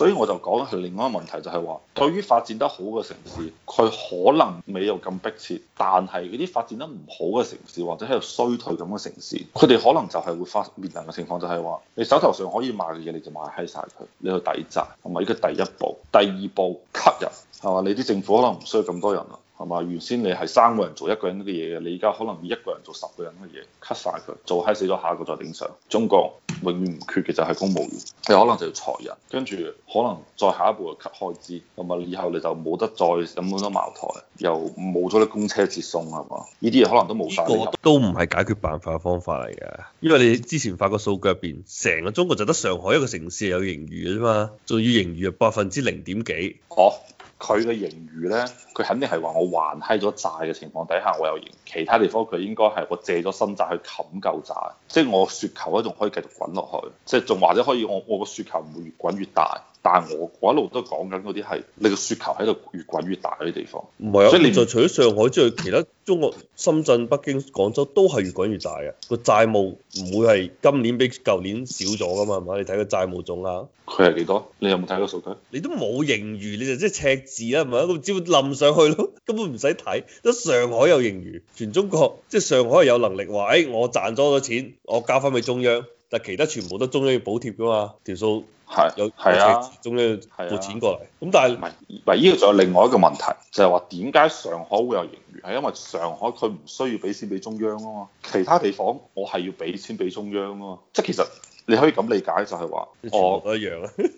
所以我就講係另外一個問題，就係話對於發展得好嘅城市，佢可能未有咁迫切，但係嗰啲發展得唔好嘅城市或者喺度衰退咁嘅城市，佢哋可能就係會發面臨嘅情況，就係、是、話你手頭上可以賣嘅嘢你就賣喺晒佢，你去抵債同埋呢個第一步，第二步吸 u t 係嘛？你啲政府可能唔需要咁多人啦。係嘛？原先你係三個人做一個人嘅嘢嘅，你而家可能要一個人做十個人嘅嘢，cut 晒佢，做閪死咗，下一個再頂上。中國永遠唔缺嘅就係公務員，你可能就要裁人，跟住可能再下一步就 cut 開支，同埋以後你就冇得再飲咁多茅台，又冇咗啲公車接送，係嘛？呢啲嘢可能都冇。呢個都唔係解決辦法嘅方法嚟嘅，因為你之前發個數據入邊，成個中國就得上海一個城市有盈餘嘅啫嘛，仲要盈餘百分之零點幾。哦。佢嘅盈餘呢，佢肯定係話我還晒咗債嘅情況底下，我有盈。其他地方佢應該係我借咗新債去冚舊債，即係我雪球咧仲可以繼續滾落去，即係仲或者可以我我個雪球唔會越滾越大。但係我嗰一路都係講緊嗰啲係你個雪球喺度越滾越大嗰啲地方，唔係啊！所以現在除咗上海之外，其他中國、深圳、北京、廣州都係越滾越大嘅，個債務唔會係今年比舊年少咗㗎嘛？係咪你睇個債務總額，佢係幾多？你有冇睇過數據？你都冇盈餘，你就即係赤字啦，係咪啊？咁只會冧上去咯，根本唔使睇。得上海有盈餘，全中國即係、就是、上海係有能力話：，誒、哎，我賺咗好多錢，我交翻俾中央。但其他全部都中央要補貼噶嘛。條數係有係啊，中央撥錢過嚟。咁、啊啊、但係唯依個仲有另外一個問題，就係話點解上海會有盈餘？係因為上海佢唔需要俾錢俾中央啊嘛，其他地方我係要俾錢俾中央啊嘛。即係其實你可以咁理解就，就係話我一樣啊我。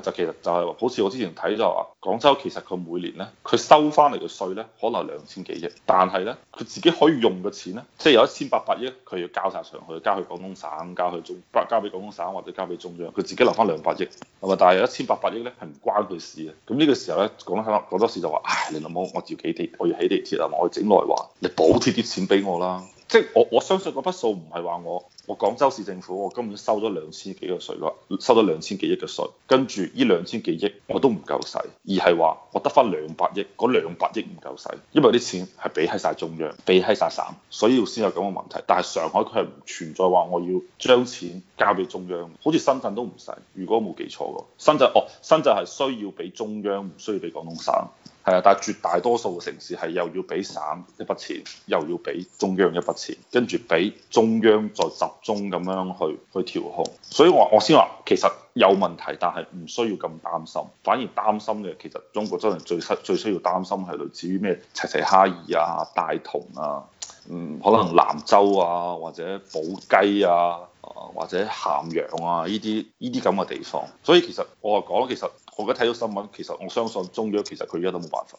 就其實就係話，好似我之前睇就話，廣州其實佢每年咧，佢收翻嚟嘅稅咧，可能兩千幾億，但係咧，佢自己可以用嘅錢咧，即係有一千八百億，佢要交晒上去，交去廣東省，交去中，交俾廣東省或者交俾中央，佢自己留翻兩百億，係咪？但係有一千八百億咧係唔關佢事嘅。咁呢個時候咧，廣東省、廣州市就話，唉，你老母，我要起地，我要起地鐵啊，我，我整內環，你補貼啲錢俾我啦。即係我我相信個筆數唔係話我。我廣州市政府，我根本收咗兩千幾個稅，收咗兩千幾億嘅稅，跟住呢兩千幾億我都唔夠使，而係話我得翻兩百億，嗰兩百億唔夠使，因為啲錢係俾喺曬中央，俾喺曬省，所以要先有咁嘅問題，但係上海佢係唔存在話我要將錢交俾中央，好似深圳都唔使。如果冇記錯喎，深圳哦，深圳係需要俾中央，唔需要俾廣東省，係啊。但係絕大多數嘅城市係又要俾省一筆錢，又要俾中央一筆錢，跟住俾中央再集。中咁樣去去調控，所以我我先話其實有問題，但係唔需要咁擔心。反而擔心嘅其實中國真係最需最需要擔心係類似於咩齊齊哈爾啊、大同啊、嗯，可能南洲啊或者寶雞啊或者咸陽啊呢啲依啲咁嘅地方。所以其實我話講，其實我而家睇到新聞，其實我相信中央其實佢而家都冇辦法。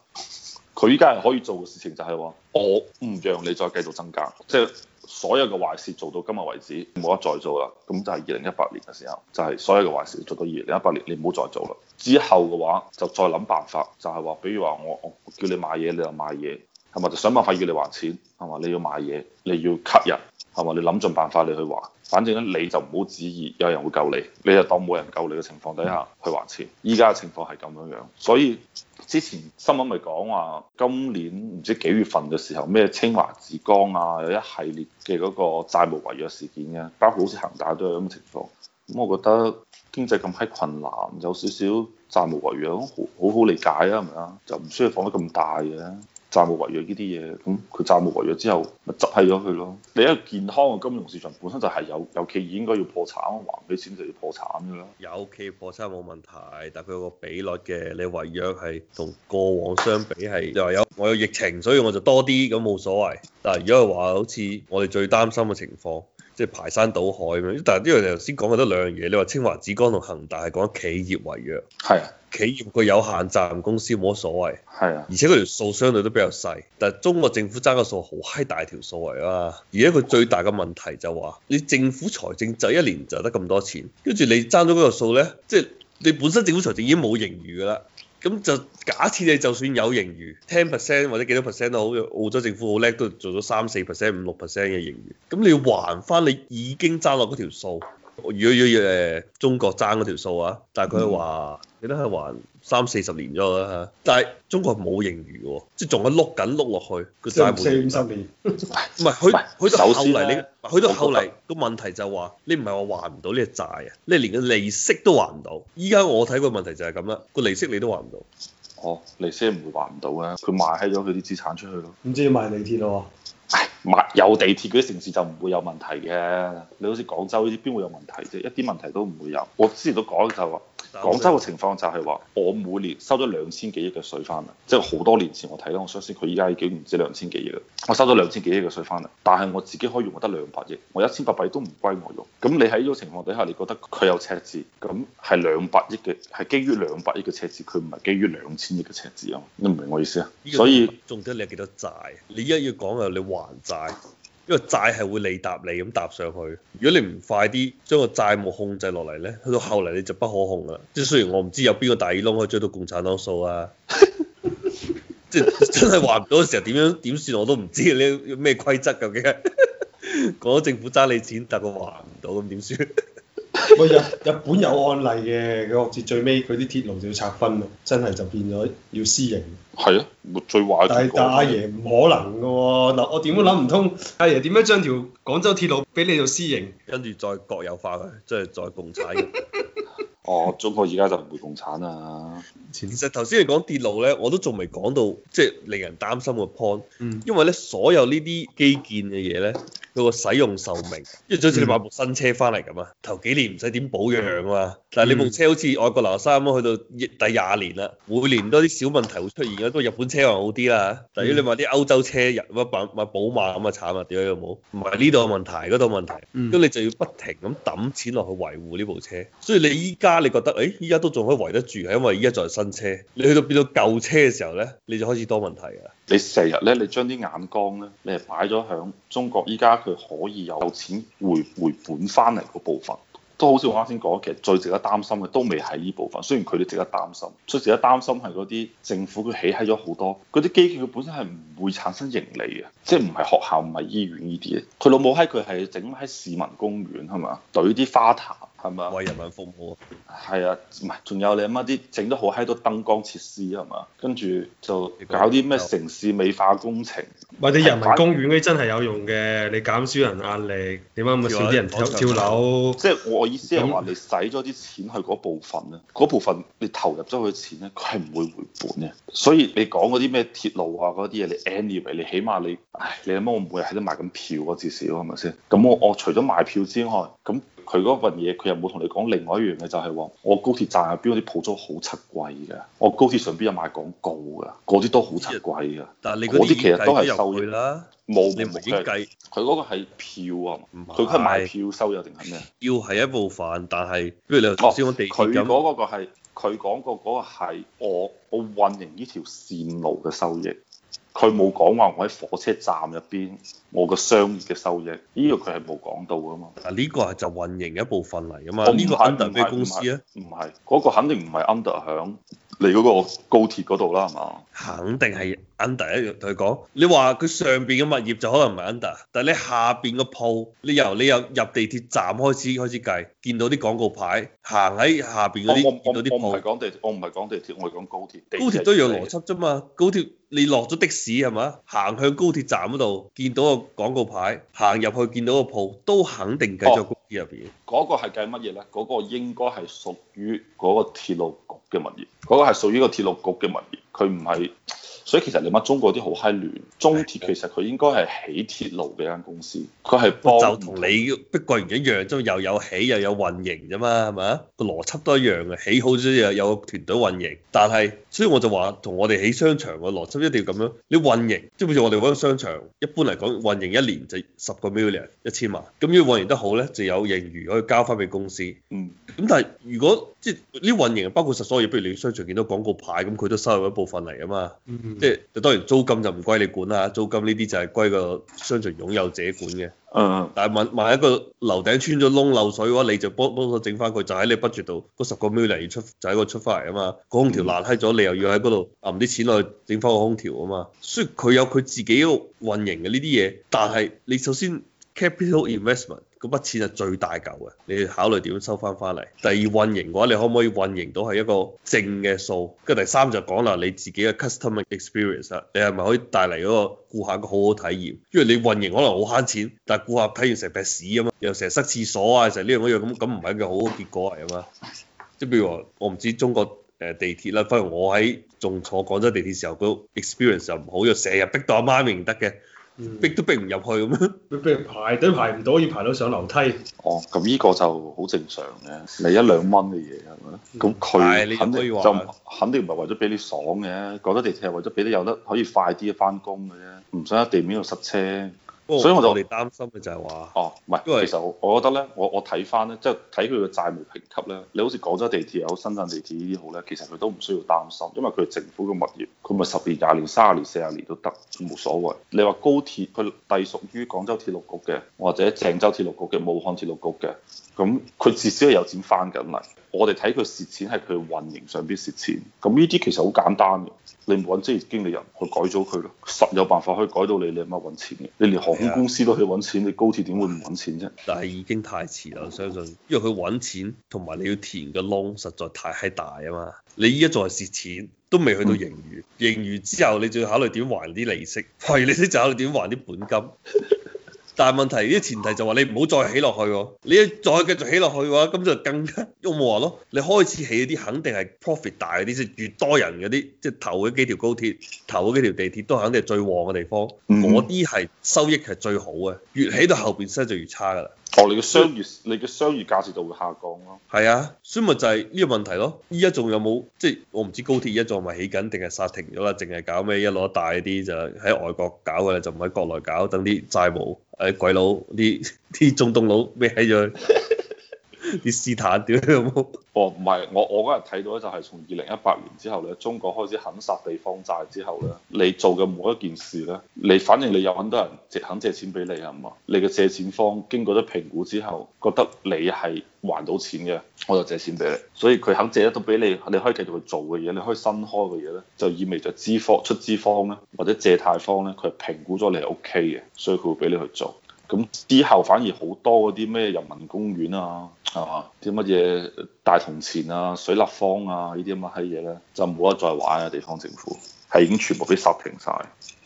佢依家係可以做嘅事情就係話，我唔讓你再繼續增加，即係。所有嘅壞事做到今日為止，冇得再做啦。咁就係二零一八年嘅時候，就係所有嘅壞事做到二零一八年，你唔好再做啦。之後嘅話就再諗辦法，就係話，比如話我我叫你買嘢，你就買嘢，係咪就想辦法要你還錢，係嘛？你要買嘢，你要吸引。係嘛？你諗盡辦法你去還，反正咧你就唔好指意有人會救你，你就當冇人救你嘅情況底下，去還錢。依家嘅情況係咁樣樣，所以之前新聞咪講話今年唔知幾月份嘅時候咩清華、紫光啊，有一系列嘅嗰個債務違約事件嘅、啊，包括好似恒大都有咁嘅情況。咁、嗯、我覺得經濟咁閪困難，有少少債務違約好好好理解啊，係咪啊？就唔需要放得咁大嘅、啊。債務違約呢啲嘢，咁佢債務違約之後咪執笠咗佢咯。你一個健康嘅金融市場本身就係有有企業應該要破產，還唔起錢就要破產嘅啦。有企業破產冇問題，但係佢有個比率嘅。你違約係同過往相比係又話有我有疫情，所以我就多啲咁冇所謂。但係如果係話好似我哋最擔心嘅情況。即係排山倒海咁樣，但係呢樣嘢頭先講嘅得兩樣嘢。你話清華紫光同恒大係講企業違約，係是的 企業，佢有限責任公司冇乜所謂，係啊。而且佢條數相對都比較細，但係中國政府爭嘅數好閪大條數嚟啦。而家佢最大嘅問題就話，你政府財政就一年就得咁多錢，跟住你爭咗嗰個數咧，即係你本身政府財政已經冇盈餘㗎啦。咁就假設你就算有盈餘 ten percent 或者幾多 percent 都好，澳洲政府好叻，都做咗三四 percent、五六 percent 嘅盈餘。咁你要還翻你已經爭落嗰條數。如果要誒中國爭嗰條數啊，但係佢話，嗯、你都係還三四十年咗啦嚇，但係中國冇盈餘喎，即係仲係碌緊碌落去個債本息。四五十年，唔係佢，佢到後嚟，佢到後嚟個問題就係、是、話，你唔係話還唔到呢個債啊？你連個利息都還唔到。依家我睇個問題就係咁啦，個利息你都還唔到。哦，利息唔會還唔到啊！佢賣閪咗佢啲資產出去咯。唔知道要賣你咯？唉，物有地鐵嗰啲城市就唔會有問題嘅。你好似廣州呢啲，邊會有問題啫？一啲問題都唔會有。我之前都講，就話、是。廣州嘅情況就係話，我每年收咗兩千幾億嘅稅翻嚟，即係好多年前我睇到，我相信佢依家已經唔止兩千幾億啦，我收咗兩千幾億嘅稅翻嚟，但係我自己可以用得兩百億，我一千八百億都唔歸我用。咁你喺呢種情況底下，你覺得佢有赤字？咁係兩百億嘅，係基於兩百億嘅赤字，佢唔係基於兩千億嘅赤字啊！你唔明我意思啊？所以重點你係幾多債？你依家要講啊，你還債。因為債係會利搭利咁搭上去，如果你唔快啲將個債務控制落嚟咧，去到後嚟，你就不可控啦。即係雖然我唔知有邊個大耳窿可以追到共產黨數啊， 即係真係還唔到嘅時候點樣點算我都唔知你咩規則究竟。講 到政府揸你錢，但係佢還唔到咁點算？ 日日本有案例嘅，佢好似最尾佢啲鐵路就要拆分啦，真係就變咗要私營。係啊，最壞。但係但阿爺唔可能嘅喎、哦，嗱我點都諗唔通，阿、嗯、爺點樣將條廣州鐵路俾你做私營？跟住再國有化佢，即係再共產。我、 哦、中國而家就唔會共產啊！其實頭先你講鐵路咧，我都仲未講到即係、就是、令人擔心嘅 point、嗯、因為咧所有呢啲基建嘅嘢咧。佢個使用壽命，因為就好似你買部新車翻嚟咁啊，嗯、頭幾年唔使點保養啊嘛，但係你部車好似外國流沙咁去到第廿年啦，每年都啲小問題會出現，都日本車可好啲啦，但、嗯、如果你買啲歐洲車，日乜品買寶馬咁啊慘啊，點樣又冇？唔係呢度問題，嗰度問題，咁、嗯、你就要不停咁抌錢落去維護呢部車，所以你依家你覺得，誒依家都仲可以維得住，係因為依家仲係新車，你去到變到舊車嘅時候咧，你就開始多問題啦。你成日咧，你將啲眼光咧，你係擺咗喺中國依家佢可以有錢回本，回本翻嚟嗰部分，都好似我啱先講，其實最值得擔心嘅都未係呢部分，雖然佢都值得擔心，最值得擔心係嗰啲政府佢起喺咗好多嗰啲基建，佢本身係唔會產生盈利嘅，即係唔係學校，唔係醫院呢啲嘅，佢老母喺佢係整喺市民公園係嘛，懟啲花壇。係嘛？為人民服務啊！係啊，唔係仲有你阿媽啲整得好閪多燈光設施係嘛？跟住就搞啲咩城市美化工程。或者人民公園嗰啲真係有用嘅，你減少人壓力，點解冇少啲人跳話跳樓？即係我意思係話，你使咗啲錢去嗰部分咧，嗰、嗯、部分你投入咗佢錢咧，佢係唔會回本嘅。所以你講嗰啲咩鐵路啊嗰啲嘢，你 anyway，你起碼你唉，你阿媽我每日喺度賣緊票咯、啊，至少係咪先？咁我我除咗賣票之外，咁。佢嗰份嘢，佢又冇同你講另外一樣嘢，就係、話、喎，我高鐵站入邊嗰啲鋪租好七貴嘅，我高鐵上邊有賣廣告嘅，嗰啲都好七貴嘅。但係你啲其實都係收入啦，冇冇嘅。佢嗰個係票啊，佢係買票收入定係咩？要係一部分，但係，不如你、哦、頭先講地鐵咁。佢嗰個係佢講過嗰個係我我運營呢條線路嘅收益。佢冇講話，我喺火車站入邊我嘅商業嘅收益，呢、這個，佢係冇講到噶嘛。嗱呢個係就運營嘅一部分嚟噶嘛。咁呢、那個肯定 d e 咩公司啊？唔係嗰個肯定唔係 under 響。嚟嗰個高鐵嗰度啦，係嘛？肯定係 under 一樣，對佢講。你話佢上邊嘅物業就可能唔係 under，但係你下邊嘅鋪，你由你由入地鐵站開始開始計，見到啲廣告牌，行喺下邊嗰啲見到啲鋪。我我我唔係講地鐵，我唔係講地鐵，我係講高鐵。高鐵都一樣邏輯啫嘛。高鐵你落咗的士係嘛？行向高鐵站嗰度，見到個廣告牌，行入去見到個鋪，都肯定計咗高鐵入邊。哦，嗰個係計乜嘢咧？嗰個應該係屬於嗰個鐵路嘅物業，嗰個係屬於個鐵路局嘅物業，佢唔係。所以其實你乜中國啲好閪亂，中鐵其實佢應該係起鐵路嘅間公司，佢係幫就同你碧桂園一樣，即係又有起又有運營啫嘛，係咪啊？個邏輯都一樣嘅，起好咗就有團隊運營。但係所以我就話，同我哋起商場嘅邏輯一定要咁樣，你運營即係譬如我哋講商場，一般嚟講運營一年就十個 million 一千萬，咁如果運營得好咧就有盈餘可以交翻俾公司。嗯。咁但係如果即係啲運營包括實所有，譬如你商場見到廣告牌咁，佢都收入一部分嚟啊嘛。嗯。即係，當然租金就唔歸你管啦，租金呢啲就係歸個商場擁有者管嘅。嗯、啊，但係萬萬一個樓頂穿咗窿漏水嘅話，你就幫幫我整翻佢，就喺你 budget 度嗰十個 million 要出，就喺佢出翻嚟啊嘛。個空調爛閪咗，你又要喺嗰度揞啲錢落去整翻個空調啊嘛。所以佢有佢自己個運營嘅呢啲嘢，但係你首先 capital investment、嗯。嗰筆錢係最大嚿嘅，你要考慮點收翻翻嚟？第二運營嘅話，你可唔可以運營到係一個正嘅數？跟住第三就講啦，你自己嘅 customer experience 啊，你係咪可以帶嚟嗰個顧客嘅好好體驗？因為你運營可能好慳錢，但係顧客睇完成劈屎咁啊，又成日塞廁所啊，成日呢樣嗰樣咁，咁唔係一個好好結果嚟啊嘛。即係譬如話，我唔知中國誒地鐵啦，例如我喺仲坐廣州地鐵時候，個 experience 就唔好又成日逼到阿媽面得嘅。逼都逼唔入去，咁逼，你排隊排唔到，可以排到上樓梯 。哦，咁呢個就好正常嘅，你一兩蚊嘅嘢係咪？咁、嗯、佢就，就肯定唔係為咗俾你爽嘅，覺得地鐵係為咗俾你有得可以快啲翻工嘅啫，唔想喺地面度塞車。所以我就我哋擔心嘅就係話，哦，唔係，因為其實我覺得咧，我我睇翻咧，即係睇佢嘅債務評級咧，你好似廣州地鐵又好、深圳地鐵號呢啲好咧，其實佢都唔需要擔心，因為佢係政府嘅物業，佢咪十年、廿年、卅年、四十年都得，冇所謂。你話高鐵，佢隸屬於廣州鐵路局嘅，或者鄭州鐵路局嘅、武漢鐵路局嘅，咁佢至少係有錢翻緊嚟。我哋睇佢蝕錢，係佢運營上邊蝕錢，咁呢啲其實好簡單嘅，你唔揾職業經理人去改咗佢咯，實有辦法可以改到你你阿媽揾錢嘅，你連航空公司都可以揾錢，你高鐵點會唔揾錢啫、嗯？但係已經太遲啦，我相信因為佢揾錢同埋你要填個窿實在太係大啊嘛，你依家仲係蝕錢，都未去到盈餘，盈餘之後你仲要考慮點還啲利息，還利息就考慮點還啲本金。 但係問題，呢個前提就話你唔好再起落去喎、啊。你一再繼續起落去嘅、啊、話，咁就更加慾望咯。你開始起嗰啲肯定係 profit 大嗰啲先，越多人嗰啲，即係頭嗰幾條高鐵、頭嗰幾條地鐵都肯定係最旺嘅地方。嗰啲係收益係最好嘅，越起到後邊先就越差㗎啦。哦，你嘅商業，你嘅商業價值就會下降咯。係啊，所以咪就係呢個問題咯。依家仲有冇即係我唔知高鐵依家仲係咪起緊，定係煞停咗啦？淨係搞咩一攞大啲就喺外國搞嘅，就唔喺國內搞。等啲債務喺、啊、鬼佬啲啲中東佬咩喺咗。 啲斯坦屌有冇、oh，？我唔係，我我嗰日睇到咧，就係從二零一八年之後咧，中國開始肯殺地方債之後咧，你做嘅每一件事咧，你反正你有很多人直肯借錢俾你係唔嘛？你嘅借錢方經過咗評估之後，覺得你係還到錢嘅，我就借錢俾你。所以佢肯借得到俾你，你可以繼續去做嘅嘢，你可以新開嘅嘢咧，就意味著資方出資方咧，或者借貸方咧，佢係評估咗你係 OK 嘅，所以佢會俾你去做。咁之後反而好多嗰啲咩人民公園啊，係啊嘛？啲乜嘢大銅錢啊、水立方啊呢啲咁嘅閪嘢咧，就冇得再玩啊！地方政府係已經全部俾剎停晒，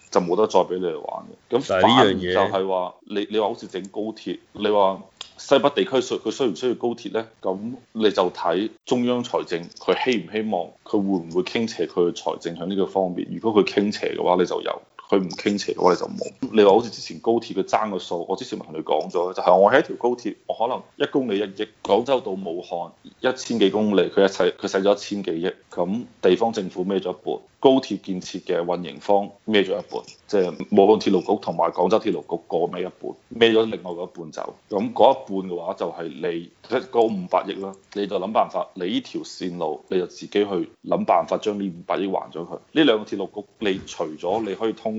就冇得再俾你哋玩嘅。咁嘢就係話你，你話好似整高鐵，你話西北地區需佢需唔需要高鐵咧？咁你就睇中央財政佢希唔希望，佢會唔會傾斜佢嘅財政喺呢個方面？如果佢傾斜嘅話，你就有。佢唔傾斜我哋就冇。你話好似之前高鐵佢爭個數，我之前咪同你講咗就係我喺條高鐵，我可能一公里一億，廣州到武漢一千幾公里，佢一齊佢使咗一千幾億，咁地方政府孭咗一半，高鐵建設嘅運營方孭咗一半，即係武漢鐵路局同埋廣州鐵路局各孭一半，孭咗另外嗰一半走。咁嗰一半嘅話就係你高五百億啦，你就諗辦法，你呢條線路你就自己去諗辦法將呢五百億還咗佢，呢兩個鐵路局你除咗你可以通。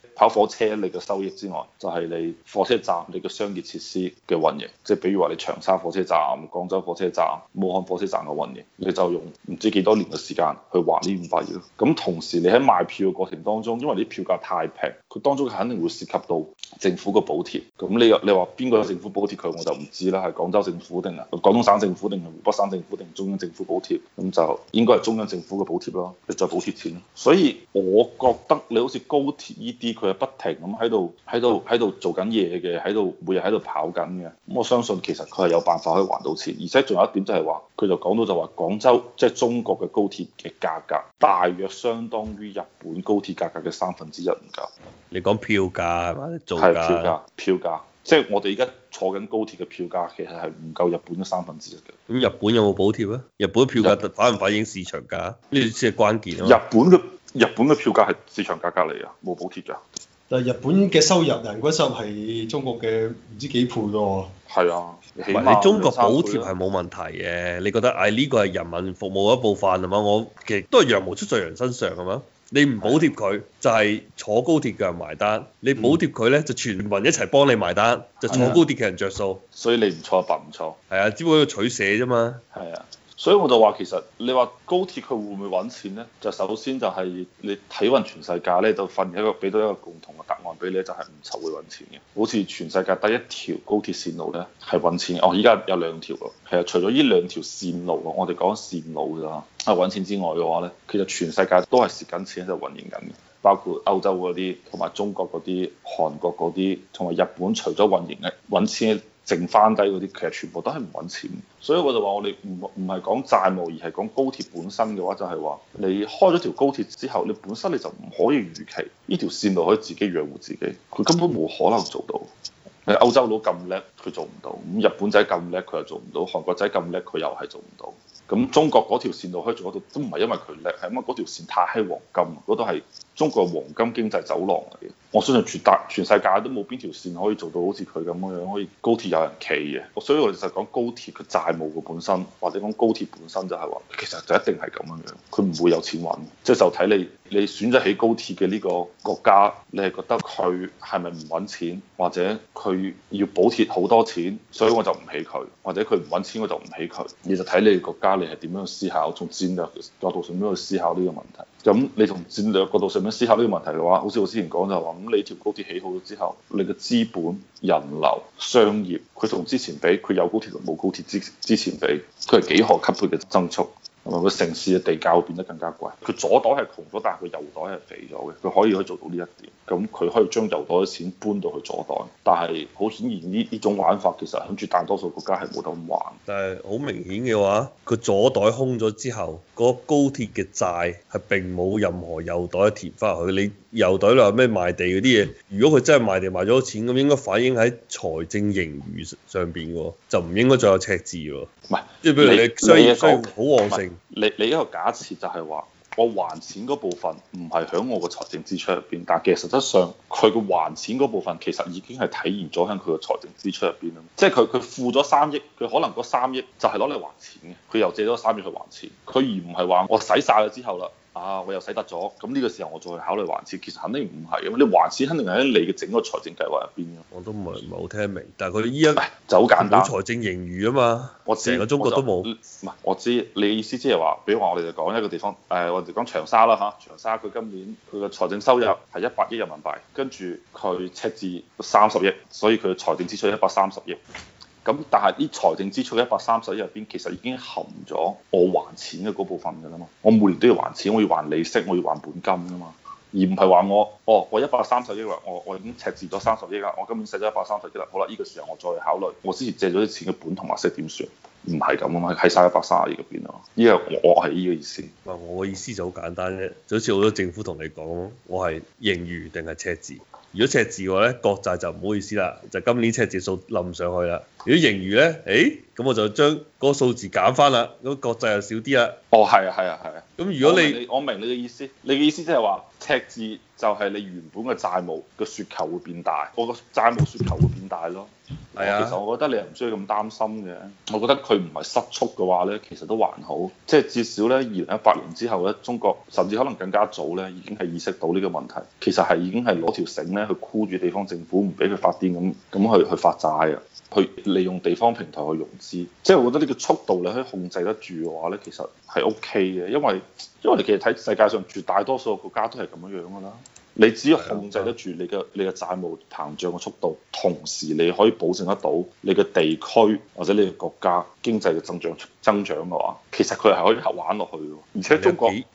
跑火車你嘅收益之外，就係你火車站你嘅商業設施嘅運營，即係比如話你長沙火車站、廣州火車站、武漢火車站嘅運營，你就用唔知幾多年嘅時間去還呢五百億咯。咁同時你喺賣票嘅過程當中，因為你啲票價太平，佢當中肯定會涉及到政府嘅補貼。咁你又你話邊個有政府補貼佢，我就唔知啦，係廣州政府定係廣東省政府定係湖北省政府定中央政府補貼？咁就就應該係中央政府嘅補貼咯，你再補貼錢。所以我覺得你好似高鐵呢啲。佢係不停咁喺度，喺度，喺度做緊嘢嘅，喺度每日喺度跑緊嘅。咁我相信其實佢係有辦法可以還到錢，而且仲有一點就係話，佢就講到就話廣州即係中國嘅高鐵嘅價格大約相當於日本高鐵價格嘅三分之一唔夠。你講票價係嘛？做價票價，票價即係我哋而家坐緊高鐵嘅票價，其實係唔夠日本嘅三分之一嘅。咁日本有冇補貼咧？日本票價反唔反映市場價？呢啲先係關鍵啊！日本嘅日本嘅票價係市場價格嚟啊，冇補貼㗎。日本嘅收入，人均收入係中國嘅唔知幾倍咯。係啊，你中國補貼係冇問題嘅。你覺得唉呢個係人民服務一部分係嘛？我其實都係羊毛出在羊身上係嘛？你唔補貼佢，啊、就係坐高鐵嘅人埋單；你補貼佢咧，嗯、就全民一齊幫你埋單，就坐高鐵嘅人着數、啊。所以你唔錯，白唔錯。係啊，只不過取捨啫嘛。係啊。所以我就話，其實你話高鐵佢會唔會揾錢呢？就首先就係你睇完全世界咧，就發現一個俾到一個共同嘅答案俾你，就係唔愁會揾錢嘅。好似全世界第一條高鐵線路呢，係揾錢，哦，依家有兩條咯。其實除咗呢兩條線路，我哋講線路㗎嚇，揾錢之外嘅話呢，其實全世界都係蝕緊錢喺度運營緊嘅，包括歐洲嗰啲，同埋中國嗰啲、韓國嗰啲，同埋日本，除咗運營嘅揾錢。剩翻低嗰啲，其實全部都係唔揾錢，所以我就話我哋唔唔係講債務，而係講高鐵本身嘅話，就係話你開咗條高鐵之後，你本身你就唔可以預期呢條線路可以自己養活自己，佢根本冇可能做到。誒，歐洲佬咁叻，佢做唔到；咁日本仔咁叻，佢又做唔到；韓國仔咁叻，佢又係做唔到。咁中國嗰條線路可以做到，都唔係因為佢叻，係因為嗰條線太黃金，嗰度係。中國係黃金經濟走廊嚟嘅，我相信全大全世界都冇邊條線可以做到好似佢咁樣樣，可以高鐵有人企嘅。所以我哋就講高鐵佢債務嘅本身，或者講高鐵本身就係話，其實就一定係咁樣樣，佢唔會有錢揾。即係就睇你你選擇起高鐵嘅呢個國家，你係覺得佢係咪唔揾錢，或者佢要補貼好多錢，所以我就唔起佢，或者佢唔揾錢我就唔起佢。你就睇你國家你係點樣去思考，從戰略角度上面去思考呢個問題。咁你從戰略角度上面思考呢個問題嘅話，好似我之前講就係話，咁你條高鐵起好咗之後，你嘅資本、人流、商業，佢同之前比，佢有高鐵同冇高鐵之之前比，佢係幾何級別嘅增速？同埋個城市嘅地價會變得更加貴。佢左袋係窮咗，但係佢右袋係肥咗嘅。佢可以去做到呢一點。咁佢可以將右袋嘅錢搬到去左袋，但係好顯然呢呢種玩法其實喺住大多數國家係冇得咁玩。但係好明顯嘅話，佢左袋空咗之後，個高鐵嘅債係並冇任何右袋填翻去。你右袋嗱咩賣地嗰啲嘢，如果佢真係賣地賣咗錢，咁應該反映喺財政盈餘上邊喎，就唔應該再有赤字喎。唔係是，即係譬如你雖雖好旺盛。是你你一個假設就係話，我還錢嗰部分唔係喺我個財政支出入邊，但其實實質上佢嘅還錢嗰部分其實已經係體現咗喺佢個財政支出入邊啦。即係佢佢付咗三億，佢可能嗰三億就係攞嚟還錢嘅，佢又借咗三億去還錢，佢而唔係話我使晒啦之後啦。啊！我又使得咗，咁呢個時候我再去考慮還錢，其實肯定唔係嘅。你還錢肯定係喺你嘅整個財政計劃入邊嘅。我都唔係唔係好聽明，但係佢哋依一、哎、就好簡單，冇財政盈餘啊嘛。我成個中國都冇。唔係，我知你意思即係話，比如話我哋就講一個地方，誒、呃，我哋講長沙啦嚇。長沙佢今年佢嘅財政收入係一百億人民幣，跟住佢赤字三十億，所以佢嘅財政支出一百三十億。咁但係啲財政支出一百三十億入邊，其實已經含咗我還錢嘅嗰部分㗎啦嘛。我每年都要還錢，我要還利息，我要還本金㗎嘛。而唔係話我，哦，我一百三十億啦，我我已經赤字咗三十億啦，我今年使咗一百三十億啦，好啦，呢個時候我再考慮我之前借咗啲錢嘅本同埋息點算？唔係咁啊嘛，喺晒一百三十億入邊啊嘛。呢個我係呢個意思。嗱，我嘅意思就好簡單啫，就好似好多政府同你講，我係盈餘定係赤字。如果赤字嘅話咧，國債就唔好意思啦，就今年赤字數冧上去啦。如果盈餘咧，誒、哎，咁我就將嗰個數字減返啦，咁國債就少啲啦。哦，係啊，係啊，係啊。咁如果你我明你嘅意思，你嘅意思即係話赤字就係你原本嘅債務個雪球會變大，我個債務雪球會變大咯。係啊，其實我覺得你係唔需要咁擔心嘅。我覺得佢唔係失速嘅話咧，其實都還好，即係至少咧，二零一八年之後咧，中國甚至可能更加早咧，已經係意識到呢個問題。其實係已經係攞條繩咧去箍住地方政府，唔俾佢發癲咁咁去去發債啊，去利用地方平台去融資。即係我覺得呢個速度你可以控制得住嘅話咧，其實係 OK 嘅，因為因為其實睇世界上絕大多數嘅國家都係咁樣嘅啦。你只要控制得住你嘅你嘅債務膨脹嘅速度，同時你可以保證得到你嘅地區或者你嘅國家經濟嘅增長增長嘅話，其實佢係可以玩落去嘅，而且中國。